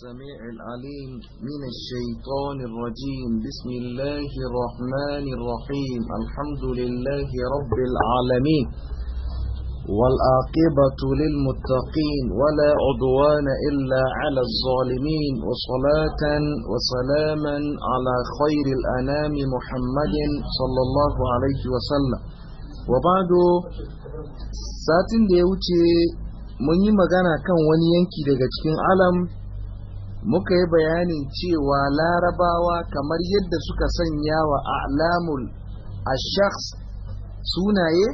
السميع العليم من الشيطان الرجيم بسم الله الرحمن الرحيم الحمد لله رب العالمين والآقبة للمتقين ولا عدوان إلا على الظالمين وصلاة وسلاما على خير الأنام محمد صلى الله عليه وسلم وبعد ساتن ديوتي من yi كان ونينكي wani علم muka yi bayanin cewa larabawa kamar yadda suka sanya wa alamul ashakhs sunaye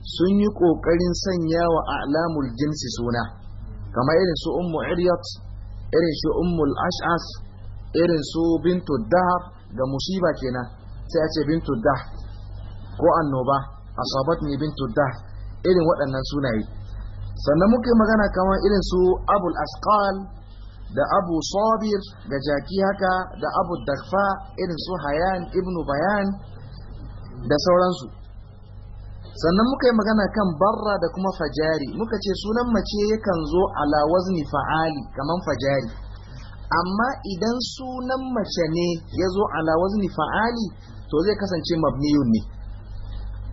sun yi ƙoƙarin sanya wa alamul jinsi suna kamar irin su ummu iryat irin su ummul ash'as irin su bintu dahab da musiba kenan sai a ce bintu dah ko annoba asabat ne bintu dah irin waɗannan sunaye sannan muka yi magana kamar irin su abul asqal da abu sabir da jaki haka da abu dakfa irin su hayan ibnu bayan da sauransu sannan muka yi magana kan barra da kuma fajari muka ce sunan mace yakan zo ala wazni fa'ali kaman fajari amma idan sunan mace ne ya zo ala wazni fa'ali to zai kasance mabniyun ne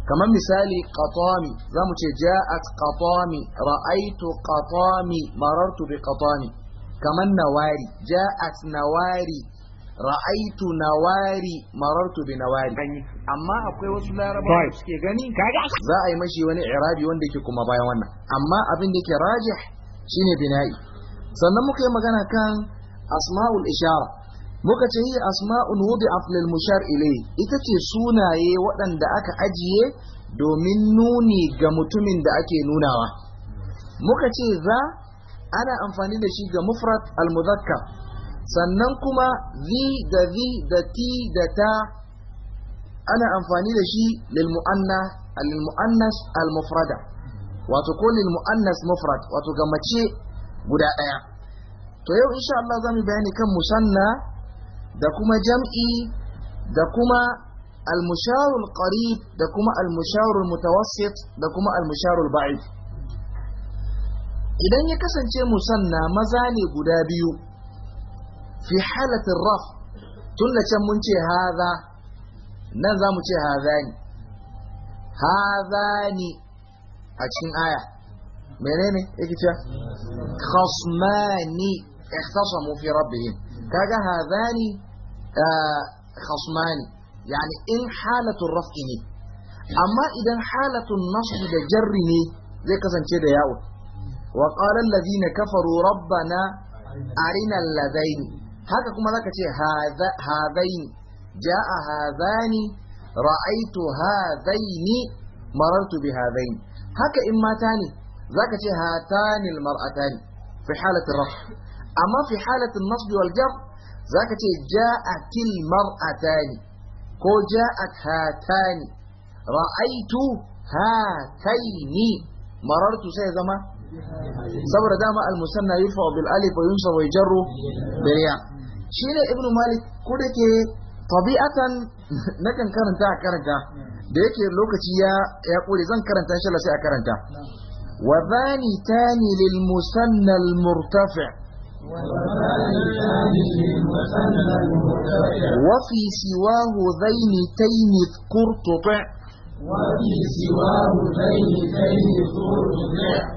kamar misali qatami za mu ce ja'at qatami ra'aitu qatami marartu bi qatami kamar nawari ja'at nawari ra'aitu nawari marartu bi nawari amma akwai wasu larabawa da suke gani za a yi mashi wani irabi wanda yake kuma bayan wannan amma abin da yake rajih shine bina'i sannan muka yi magana kan asma'ul ishara muka ce yi asma'un Wudi lil mushar Ilai. ita ce sunaye waɗanda aka ajiye domin nuni ga mutumin da ake nunawa muka ce za ana amfani da shi ga mufrad almuzakka sannan kuma zi da zi da ti da ta ana amfani da shi lil mu'anna wato ko lil mufrad wato ga mace guda ɗaya. to yau insha Allah zamu bayani kan musanna da kuma jam'i da kuma almusharul musharul qarib da kuma al mutawassit da kuma almusharul musharul idan ya kasance musanna maza ne guda biyu fi halatin raf tun da can mun ce haza nan za mu ce haza ne haza ne a cikin aya menene yake cewa khasmani ihtasamu fi rabbihim kaga hazani khasmani yani in halatul raf'i ne amma idan halatul nasb da jarri ne zai kasance da ya'u وقال الذين كفروا ربنا أرنا اللذين هذا كما لك هذا هذين جاء هذان رأيت هذين مررت بهذين هكا إما تاني ذاك هاتان المرأتان في حالة الرفع أما في حالة النصب والجر ذاك جاءت المرأتان كو جاءت هاتان رأيت هاتين مررت سيزما saboda dama al-musanna yurfa bil alif wa yunsa wa yajru bil ya shine ibnu malik ko da ke tabi'atan nakan karanta a karanta da yake lokaci ya ya kore zan karanta shi sai a karanta wa dhani tani lil musanna al murtafi' وفي سواه ذين تين اذكر تطع وفي سواه ذين تين اذكر تطع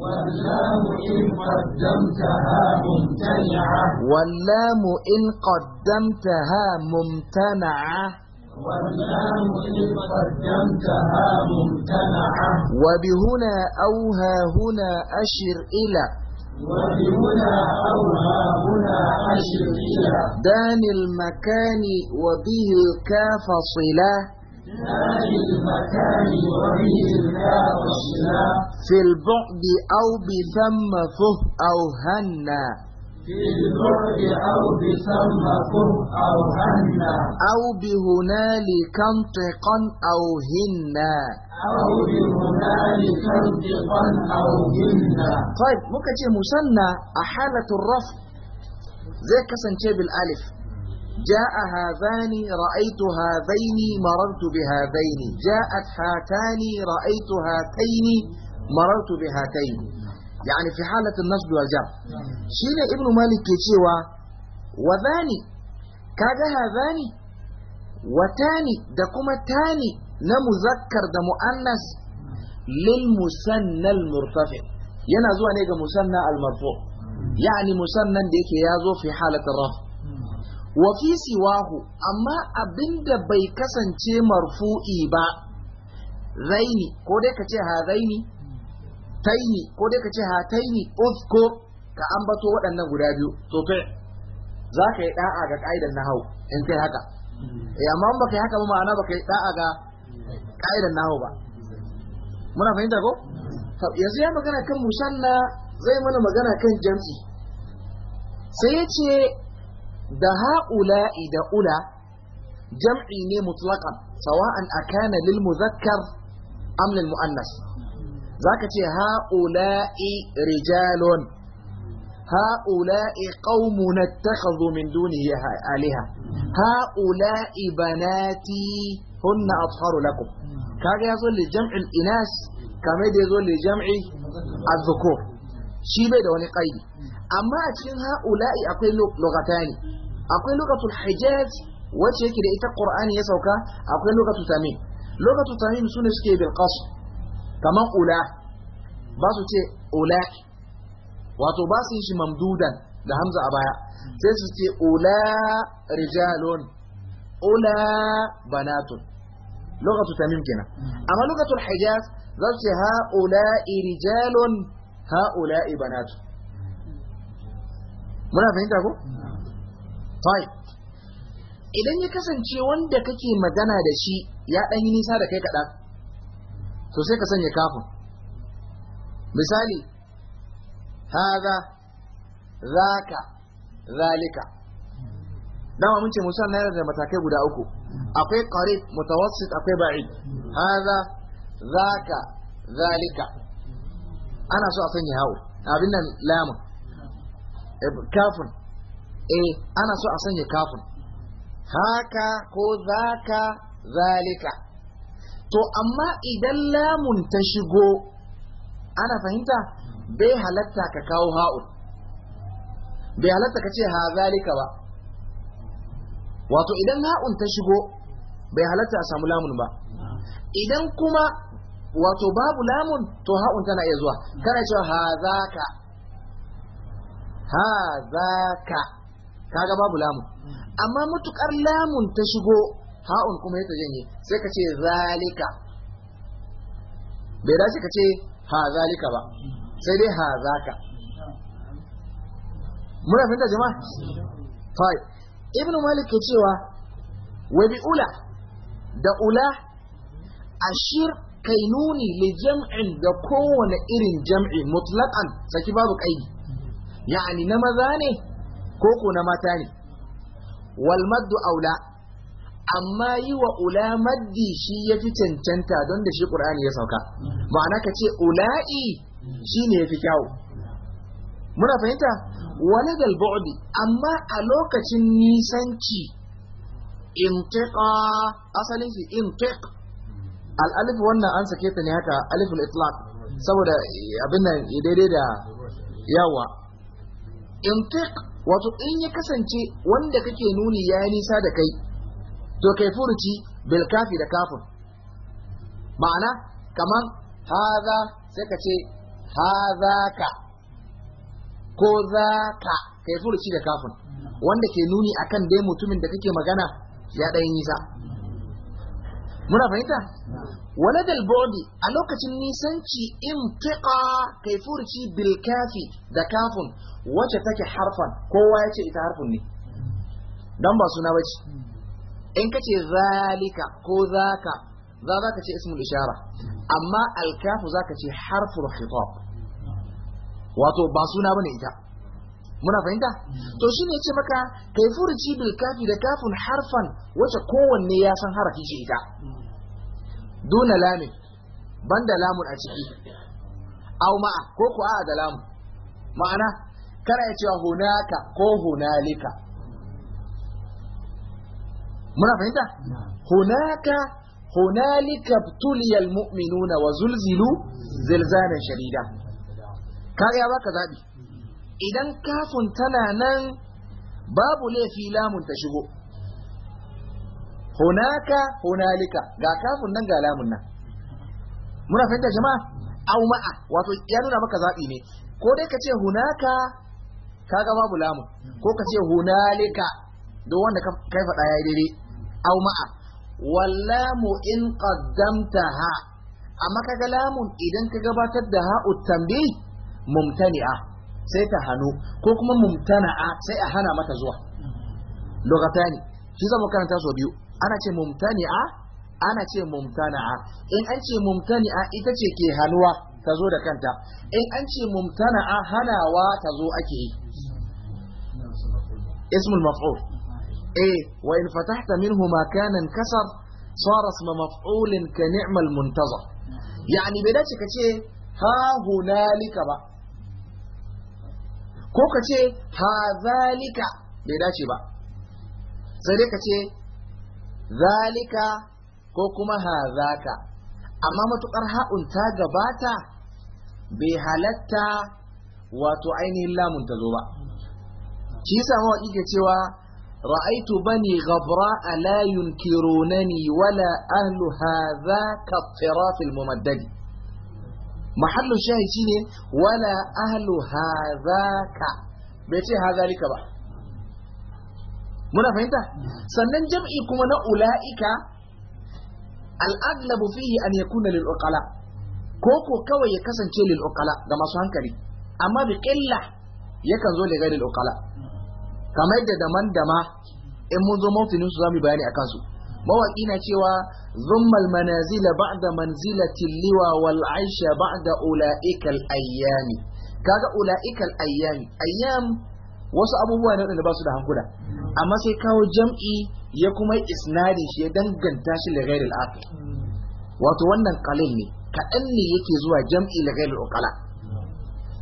واللام إن قدمتها ممتنعة واللام إن قدمتها ممتنعة واللام إن قدمتها ممتنعة وبهنا أو ها هنا أشر إلى وبهنا أو ها هنا أشر إلى دان المكان وبه الكاف صلة دان المكان وبه الكاف صلة في البعد أو بثم فه أو هنا في البعد أو بثم فه أو هنا أو بهنالك انطقا أو هنا أو بهنالك انطقا أو هنا طيب ممكن تجي مثنى أحالة الرفع زي كسنشي بالألف جاء هذان رأيت هذين مررت بهذين جاءت هاتان رأيت هاتين marartu bi hatayn yani fi halatin nasb wal jam shine ibnu malik ke cewa wadhani kaga hadhani watani da kuma tani na muzakkar da muannas lil musanna al yana zuwa ne ga musanna al marfu yani musannan da yake ya zo fi halatin raf wa fi siwahu amma abinda bai kasance marfu'i ba zaini ko dai ka ce ha zaini taini ko dai ka ce ha taini uzkur ka ambato waɗannan guda biyu to kai za ka yi da'a ga na nahau in kai haka eh amma ba baka yi haka ba ma'ana baka yi da'a ga na nahau ba muna fahimta ko yanzu ya magana kan musanna zai mana magana kan jam'i sai ya ce da ha'ula da ula jam'i ne mutlaqan sawa'an akana lil muzakkar am lil muannas zaka ce ha'ula'i rijalun ha'ula'i qaumun attakhadhu min dunihi aliha ha'ula'i banati hunna atharu lakum kaga yazo li jam'il inas kamar da yazo li jam'i az-zukur shi bai da wani qaidi amma a cikin ha'ula'i akwai lugatani akwai lugatul hijaz wacce yake da ita qur'ani ya sauka akwai lugatul tamim lugatul tamim sune suke bil qasr kaman ula ba su ce ula wato ba su yi shi mamdudan da hamza a baya sai su ce ula rijalun ula banatun lokacin tamim kenan amma lokacin hijaz za su ce ha'ula rijalun ha'ula banatun muna fahimta ko? Fai. idan ya kasance wanda kake magana da shi ya ɗan yi nisa da kai kaɗan to sai ka sanya kafin misali haza zaka zalika dama mun ce musan na da matakai guda uku akwai qarib mutawassit akwai ba'id haza zaka zalika ana so a sanya hawo abin nan lamun eh, kafin eh ana so a sanya kafin haka ko zaka zalika to amma idan lamun ta shigo ana fahimta bai halatta ka kawo ha'ul bai halatta ka ce ha ba wato idan ha'un ta shigo bai halatta a samu lamun ba idan kuma wato babu lamun to ha'un tana iya zuwa kana cewa ha ka, ha ka, kaga babu lamun amma mutukar lamun ta shigo ha'un kuma ya ta janye sai ka ce zalika bai dace ka ce ha zalika ba sai dai ha zaka muna fahimta jama'a fai ibnu malik ke cewa wa bi ula da ula ashir kainuni li jam'in da kowane irin jam'i mutlaqan saki babu kaidi ya'ani na maza ne ko ko na mata ne wal aula amma yi wa ula shi ya fi cancanta don da shi ƙur'ani ya sauka ma'ana ka ce ula'i shi ne ya fi kyawu muna fahimta wani dalba'udi amma a lokacin nisanci imtiqa asalin shi imtiq al'alif wannan an sake ta ne haka aliful itlaq saboda abin nan daidai da yawa imtiq wato in ya kasance wanda kake nuni ya nisa da kai to kai furuci bil kafi da kafin ma'ana kamar haza sai ka ce haza ka ko za ka kai furuci da kafin wanda ke nuni akan dai mutumin da kake magana ya ɗan nisa muna fahimta wani bodi a lokacin nisanci in intiqa kai furuci bil kafi da kafin wacce take harfan kowa ya ce ita harfin ne dan ba suna bace in ka ce zalika ko zaka za za ka ce ismul ishara amma alkafu za ka ce harful khitab wato ba suna bane ita muna fahimta to shi ne ce maka kai furuci bil kafi da kafin harfan wace kowanne ya san harafi ce ita duna lamin banda lamun a ciki au ma'a ko ku a da lamun ma'ana kana ya cewa hunaka ko hunalika muna fahimta hunaka hunalika tuliya mu'minuna wa zulzilu zilzalan shadida kaga ya baka zabi idan kafin tana nan babu laifi lamun ta shigo hunaka hunalika ga kafin nan ga lamun nan muna fahimta jama'a au ma'a wato ya nuna maka zabi ne ko dai ka ce hunaka kaga babu lamun ko ka ce hunalika don wanda kai faɗa ya yi daidai aw ma'a wallamu in qaddamtaha amma kaga lamun idan ka gabatar da ha'ut tambi mumtani'a sai ta hanu ko kuma mumtana'a sai a hana mata zuwa lugatani shi zama karanta so biyu ana ce mumtani'a ana ce mumtana'a in an ce mumtani'a ita ce ke hanuwa ta zo da kanta in an ce mumtana'a hanawa ta zo ake yi ismul maf'ul إيه وإن فتحت منه ما كان انكسر صار اسم مفعول كنعم المنتظر يعني بدأت كتير ها هنالك بقى ko ka ce ha zalika bai dace ba sai dai ka ce zalika ko kuma ha zaka amma matukar ha'un ta gabata bai halatta wato ainihin lamun ta zo ba shi yasa mawaƙi ke cewa رأيت بني غبراء لا ينكرونني ولا أهل هذا كالطراف الممدد محل الشاهد شيني ولا أهل هذا ك بيتي هذا لك با منا فهمت سنن جمعيكم أولئك الأغلب فيه أن يكون للأقلاء كوكو كوي يكسن شيء للأقلاء ده ما سوهن أما بقلة يكن زولي غير الأقلاء kamar da daman dama in mun zo mawtinin su za mu bayani a kansu. mawaki na cewa zummal manazila ba'da manzilati liwa wal aisha ba'da ula'ikal ayyami kaga ula'ikal ayyami ayyam wasu abubuwa ne da ba su da hankula amma sai kawo jam'i ya kuma isnadin shi ya danganta shi da ghairil aqil wato wannan qalil ne kaɗan ne yake zuwa jam'i da ghairil uqala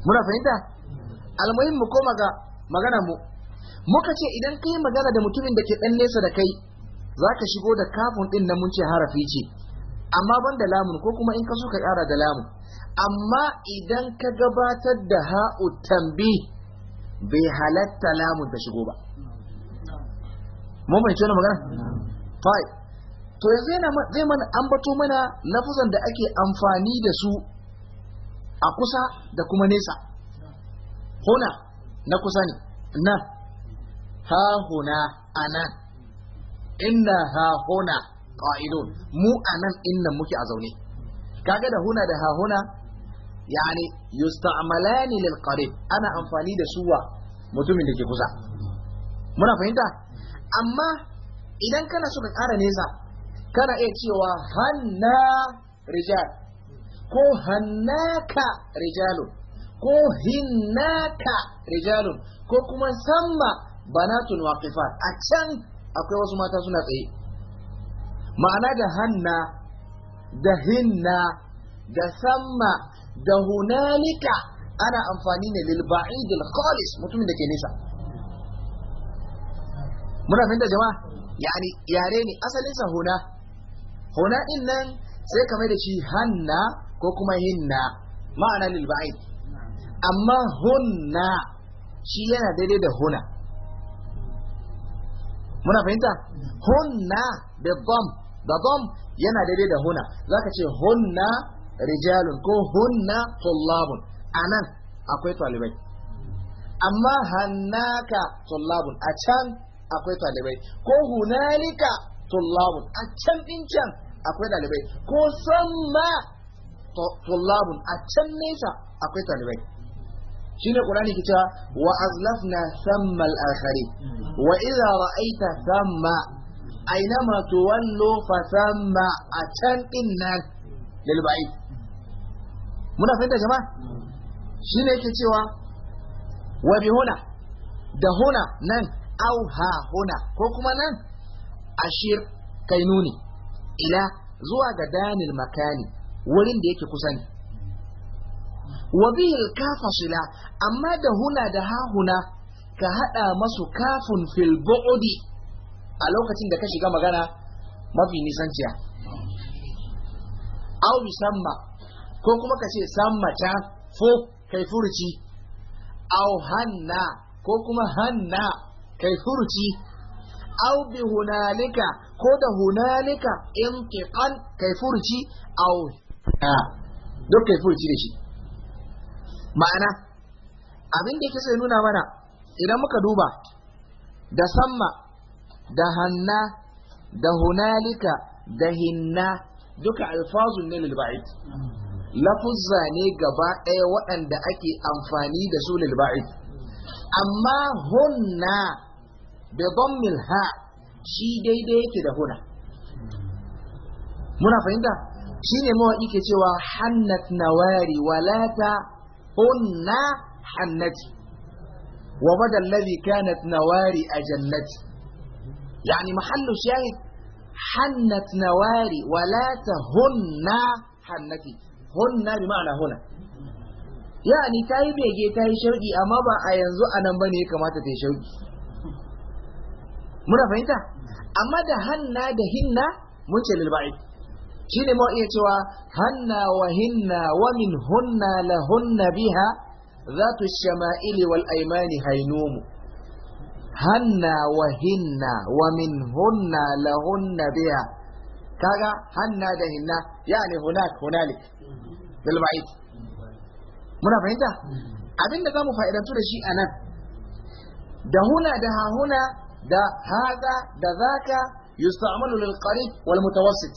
muna fahimta almuhim mu koma ga magana mu muka ce idan kai magana da mutumin da ke ɗan nesa da kai za ka shigo da kafin ɗin na mun ce harafi ce amma ban da lamun ko kuma in ka so ka kara da lamun amma idan ka gabatar da ha'u tambi bai halatta lamun da shigo ba mun ce wani magana fai to yanzu yana zai mana ambato mana lafuzan da ake amfani da su a kusa da kuma nesa hona na kusa ne nan ha huna anan inna ha huna qa'idun mu anan inna muke a zaune kaga da huna da ha huna yani yusta'malani lil qarib ana amfani da suwa mutumin da ke kusa muna fahimta amma idan kana so ka ƙara nesa kana iya cewa hanna rijal ko hannaka rijalun ko hinnaka rijalun ko kuma samma banatun waqifat a can akwai wasu mata suna tsaye ma'ana da hanna da hinna da samma da hunalika ana amfani ne lil ba'idil khalis mutumin da ke nisa muna fahimta jama'a yani yare ne asalin sa huna huna din nan sai kamar da shi hanna ko kuma hinna ma'ana lil ba'id amma hunna shi yana daidai da huna muna fahimta hunna da dom da dom yana daidai da huna za ka ce hunna rijalun ko hunna tullabun nan akwai talibai amma hannaka tullabun a can akwai talibai ko hunalika tullabun a can can akwai talibai ko sama tullabun a can nesa akwai talibai shine qur'ani ke cewa wa azlafna thamma al-akhari hmm. wa idza ra'aita thamma ainama tuwallu fa thamma a can nan lil ba'id muna fahimta jama'a hmm. shine yake cewa wa bi huna da huna nan au ha huna ko kuma nan ashir kainuni ila zuwa ga danil makani wurin da yake kusa ne wa kafasila amma da huna da hahuna ka haɗa masu kafin fil a lokacin da ka shiga magana mafi nisanciya au samma ko kuma ka ce ta fo kai furuci au hanna ko kuma hanna kai furuci au bi hunalika ko da hunalika in kai furuci au duk kai furuci da shi ma'ana abin da yake sai nuna mana idan muka duba da samma da hanna da hunalika da hinna duka alfazun ne lilba'id lafuzza ne gaba ɗaya waɗanda ake amfani da su lilba'id amma hunna da dhammil ha shi daidai yake da huna muna fahimta Shi ne mawaƙi ke cewa hannat nawari walata كنا حنتي وبدا الذي كانت نواري اجنتي يعني محل شاهد حنت نواري ولا تهن حنتي هن بمعنى هنا يعني تاي بيجي تاي شوقي أما با ينزو أنا بني كما تاي شوقي منا fahimta أما ده هن ده هن منشل البعيد shine ne iya cewa hanna wa hinna wa min hunna la hunna biha zatu shama'ili wal aymani hainumu hanna wa hinna wa min hunna la hunna biha kaga hanna da hinna yani hunak hunalik bil ba'id muna fahimta abinda zamu fa'idantu da shi anan da huna da ha huna da hada da zaka yusta'malu lil qarib wal mutawassit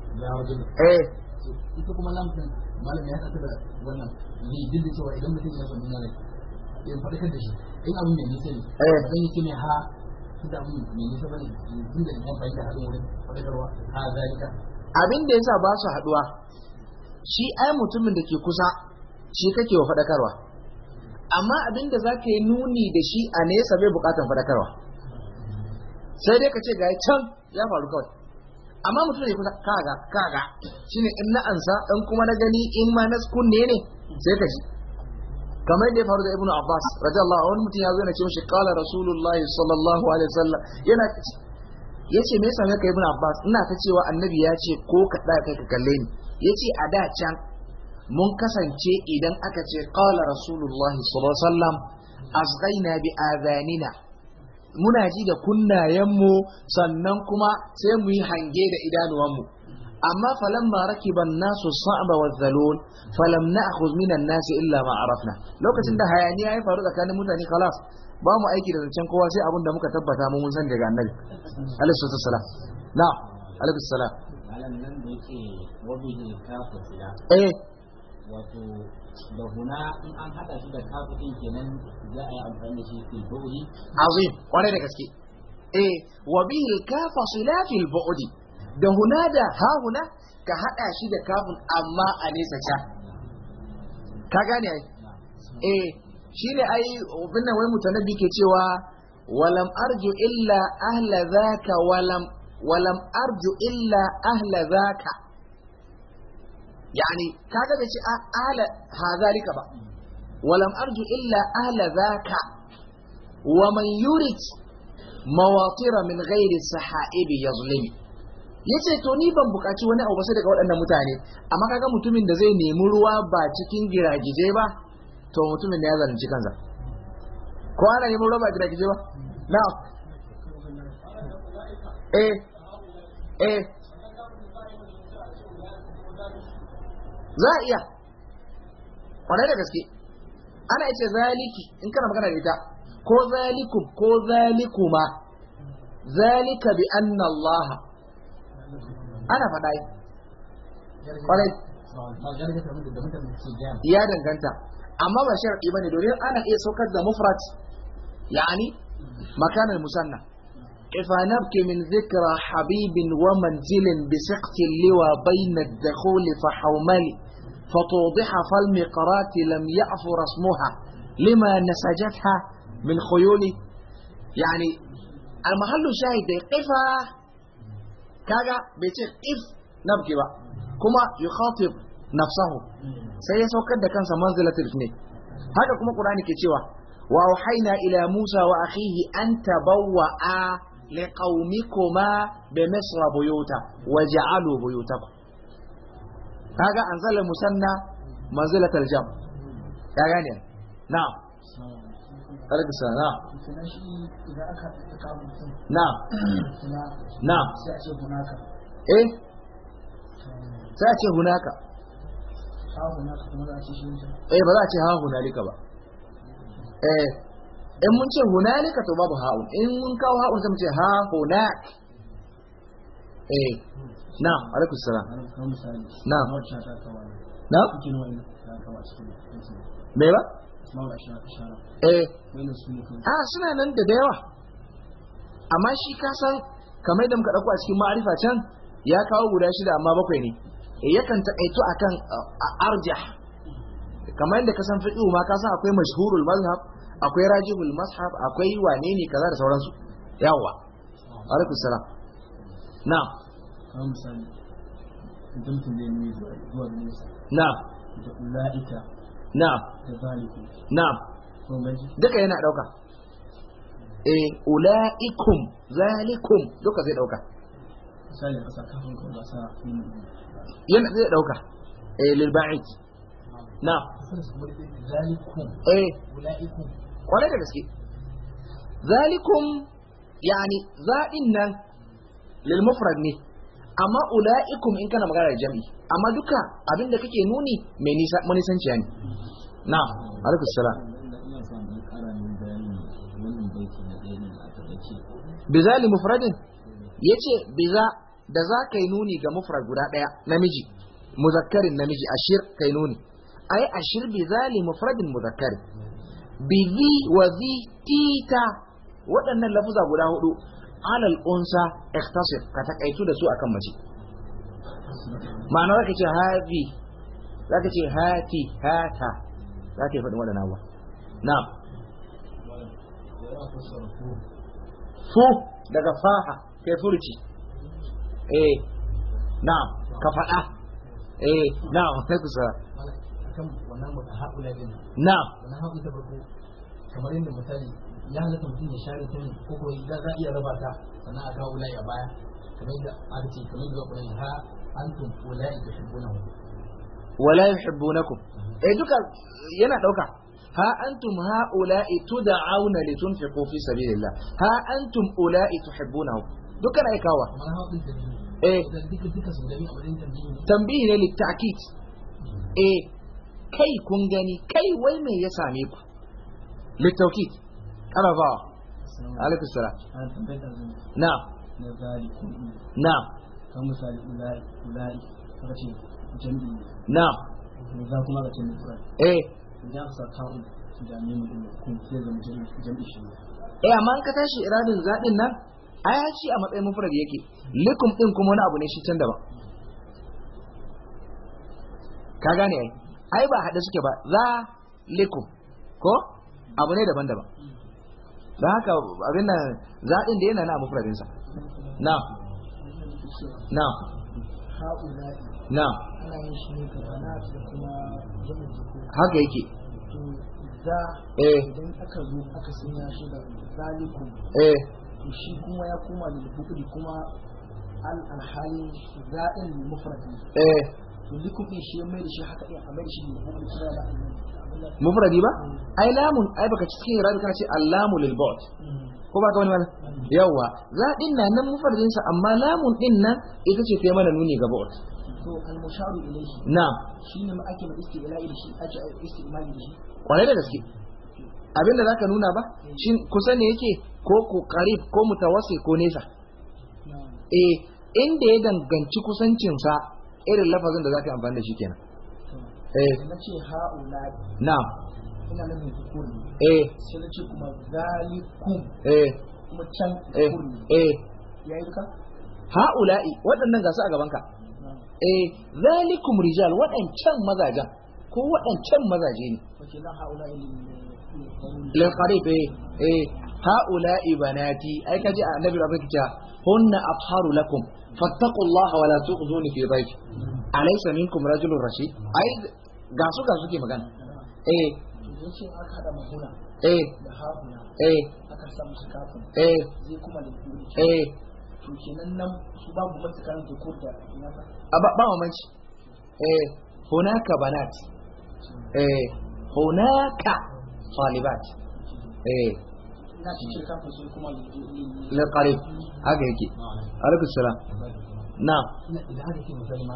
eh abin da ya yasa ba su haɗuwa shi ai mutumin da ke kusa shi kake wa faɗakarwa amma abin da za ka yi nuni da shi a nesa bai bukatan faɗakarwa sai dai ka ce ga can ya faru kawai amma mutum ne kusa kaga kaga shine in na ansa dan kuma na gani in ma na kunne ne sai ka ji kamar yadda ya faru da ibnu abbas radiyallahu anhu mutum ya zo yana ce mishi qala rasulullahi sallallahu alaihi wasallam yana yace me yasa ka ibnu abbas ina ta cewa annabi ya ce ko ka da kai ka kalle ni yace a da can mun kasance idan aka ce qala rasulullahi sallallahu alaihi wasallam asghaina bi adhanina muna ji da kunnayenmu sannan kuma sai mu yi hange da idanuwanmu amma falamma rakiban nasu sa'aba wa zalul falam na'khudh minan nasi illa ma arafna lokacin da hayani ya faru tsakanin mutane kalas ba mu aiki da zancen kowa sai abin da muka tabbata mu mun san daga annabi alaihi da huna in an hada shi da kafu din kenan za a yi amfani da shi fil bu'di azim kwarai da gaske eh wa bihi kafa silatil bu'di da huna da ha huna ka hada shi da kafin amma a nesa ca ka gane ai eh shine ai abin nan wai mutanabbi ke cewa walam arju illa ahla zaka walam walam arju illa ahla zaka yani kaga bai ce ahla hazalika ba walam arju illa ahla zaka wa man yurid mawatira min ghairi sahaibi yazlimi yace to ni ban bukaci wani abu sai daga waɗannan mutane amma kaga mutumin da zai nemi ruwa ba cikin giragije ba to mutumin da ya zalunci kansa ko ana neman ruwa ba giragije ba na'am eh eh za a iya kwarai da gaske ana ce zaliki in kana magana da ita ko zalikum ko zalikuma zalika bi anna Allah ana faɗa yi kwarai ya danganta amma ba shar'i bane domin ana iya saukar da mufrat yani makanar musanna ke min zikra habibin wa manzilin bi siqti liwa bayna ad-dukhul fa hawmali فتوضح فالمقرات لم يعفر اسمها لما نسجتها من خيول يعني المحل الشاهد قفا كاغا بيتي قف نبكي بقى كما يخاطب نفسه سيسوك ده كان منزلة الاثنين هذا كما قرآن كتوى وأوحينا إلى موسى وأخيه أن تبوأ لقومكما بمصر بيوتا وجعلوا بيوتكم kaga anzala musanna manzilatal jam ka gane na'am alaikum sana na'am idan aka kama mutum na'am na'am sai a ce hunaka eh sai a ce hunaka eh ba za a ce ha hunalika ba eh in mun ce hunalika to babu ha'un in mun kawo ha'un sai mun ce ha hunak eh na na me ba eh ah, nan da da yawa amma shi ka san kamar da muka dauko a cikin ma'arifa can ya kawo guda shida amma bakwai ne eh, yakan taƙaito akan arjah kamar yadda ka san fiqhu ma ka san akwai mashhurul mazhab akwai rajibul mazhab akwai wane ne kaza da sauransu yawa alaikum misali idan mutum da ula'ika zalikum yana dauka eh ula'ikum zalikum duka zai dauka yana zai eh eh gaske zalikum yani zaɗin nan ne amma ula'ikum in kana magana da jami'i amma duka abin da kake nuni mai nisa manisanciya ne na alaikum salam biza li mufradin yace biza da za kai nuni ga mufrad guda daya namiji muzakkarin namiji ashir kai nuni ai ashir biza li mufradin muzakkari bizi wa zi tita waɗannan lafuza guda hudu alal unsa ikhtasif ka takaitu da su akan mace ma'ana zaka ce hafi zaka ce hati hata zaka yi faɗin waɗannan abuwa na fu daga faha kai furci eh na ka faɗa eh na kai kusa na kamar yadda misali ya halatta mutum ya share ta ne ko ko za a iya raba ta sannan a kawo layi a baya kamar yadda aka ce kamar yadda kuma ha antum ulai tuhibbunahu wala yuhibbunakum eh duka yana dauka ha antum haula'i tud'auna litunfiqu fi sabilillah ha antum ulai tuhibbunahum duka na kawa eh tambihi ne litakid eh kai kun gani kai wai me ya same ku litaukid ana ba alaikum salam na na na za kuma ka eh ka da ne mu sai jami'i shi eh amma ka tashi iradin zadin nan ai shi a matsayin mufrad yake likum din kuma wani abu ne shi can daban ka gane ba haɗe suke ba za ko abu ne daban da haka abin nan zaɗin da yana na mufradinsa na na na haka yake za idan aka zo aka sanya shi da eh shi kuma ya koma da bukudi kuma eh shi ya mai da shi haka a mai da shi da bukudi mufradi ba ai lamun ai baka cikin irabi kana ce allamu lil bot. ko ba ka wani mana yawa za din nan nan mufradin sa amma lamun din nan ita ce kai mana nuni ga bot. to al musharu ilayhi na'am shine ma ake isti'la'i da shi ake istimali da shi kwarai da gaske abin da zaka nuna ba eh. shin kusa ne yake ko ko qarib ko mutawassi ko nesa eh inda ya danganci kusancinsa irin lafazin da zaka amfani da shi kenan eh na ce haula na kuma na mai kuri eh sai na ce kuma zalikum eh kuma can kuri eh, eh. yi duka haula'i waɗannan gasu a gaban ka eh zalikum rijal waɗancan mazajen ko waɗancan mazaje ne lil qarib eh eh haula'i banati ai ka a annabi rabbika ta hunna atharu lakum fattaqullaha wa la tuqzuni fi dhayfi alaysa minkum rajulun rashid ai ga su ga suke magana eh eh eh aka samu kafin eh zai kuma da eh to kenan nan su babu ina ba ba eh. eh. eh. na kafin su kuma da yake alaikum na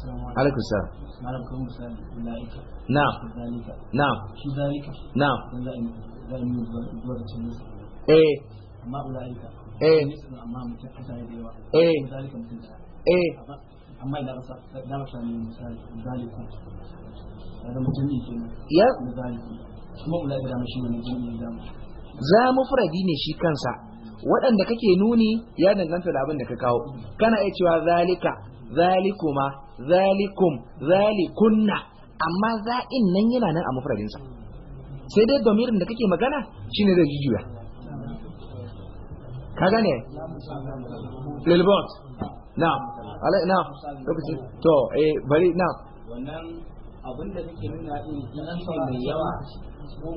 alaikum shi kansa waɗanda kake nuni ya danganta da abin da ka kawo kana iya cewa zalika zalikuma zalikum zalikunna amma za'in nan yana nan a mufradinsa sai dai domirin da kake magana shine zai jijiya ka gane lilbot na ala na lokaci to eh bari na wannan abin da kake nuna din sai mai yawa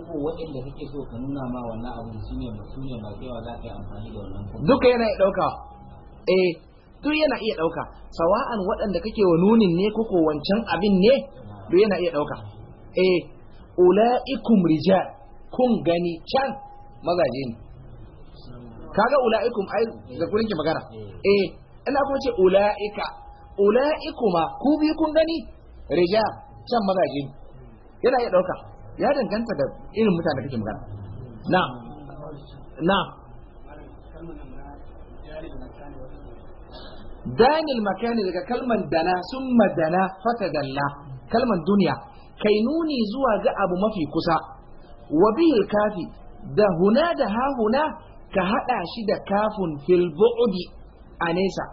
ko waɗanda kake so ka nuna ma wannan abin shine ne masu ne masu yawa za ka yi amfani da wannan duka yana ya dauka eh duk yana iya ɗauka sawa'an waɗanda kake wa nunin ne ko ko wancan abin ne duk yana iya ɗauka eh ula'ikum Rija kun gani can mazaje ne kaga ula'ikum ai da gurin ki magana eh ina kuma ce ula'ika ula'ikuma ku bi kun gani Rija can mazaje ne yana iya ɗauka ya danganta da irin mutane kake magana na na danil makani daga kalman dana summa dana dalla, kalman duniya kai nuni zuwa ga abu mafi kusa wa bihil kafi da huna da ha huna ka haɗa shi da kafin fil bu'di a nesa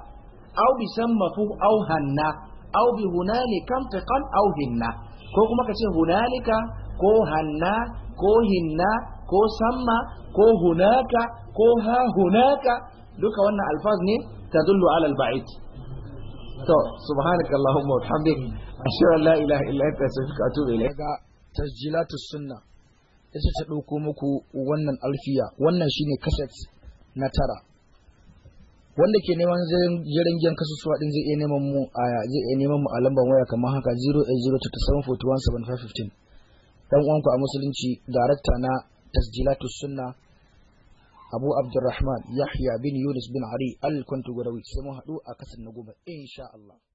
au bi samma fu au hanna au bi hunalika intiqan au ko kuma ka ce hunalika ko hanna ko hinna ko samma ko hunaka ko ha hunaka duka wannan alfaz ne tadullu ala al-ba'id to subhanaka allahumma wa bihamdik ashhadu an la ilaha illa anta astaghfiruka wa atubu ilayk daga tasjilatus sunna ita ta dauko muku wannan alfiya wannan shine cassette na tara wanda ke neman jirangen kasusuwa din zai iya neman mu a zai iya neman mu a lambar waya kamar haka 08037417515 dan uwanku a musulunci darakta na tasjilatus sunna أبو عبد الرحمن يحيى بن يونس بن علي الكنت غروي سمو هدو أكسر نقوبة إن شاء الله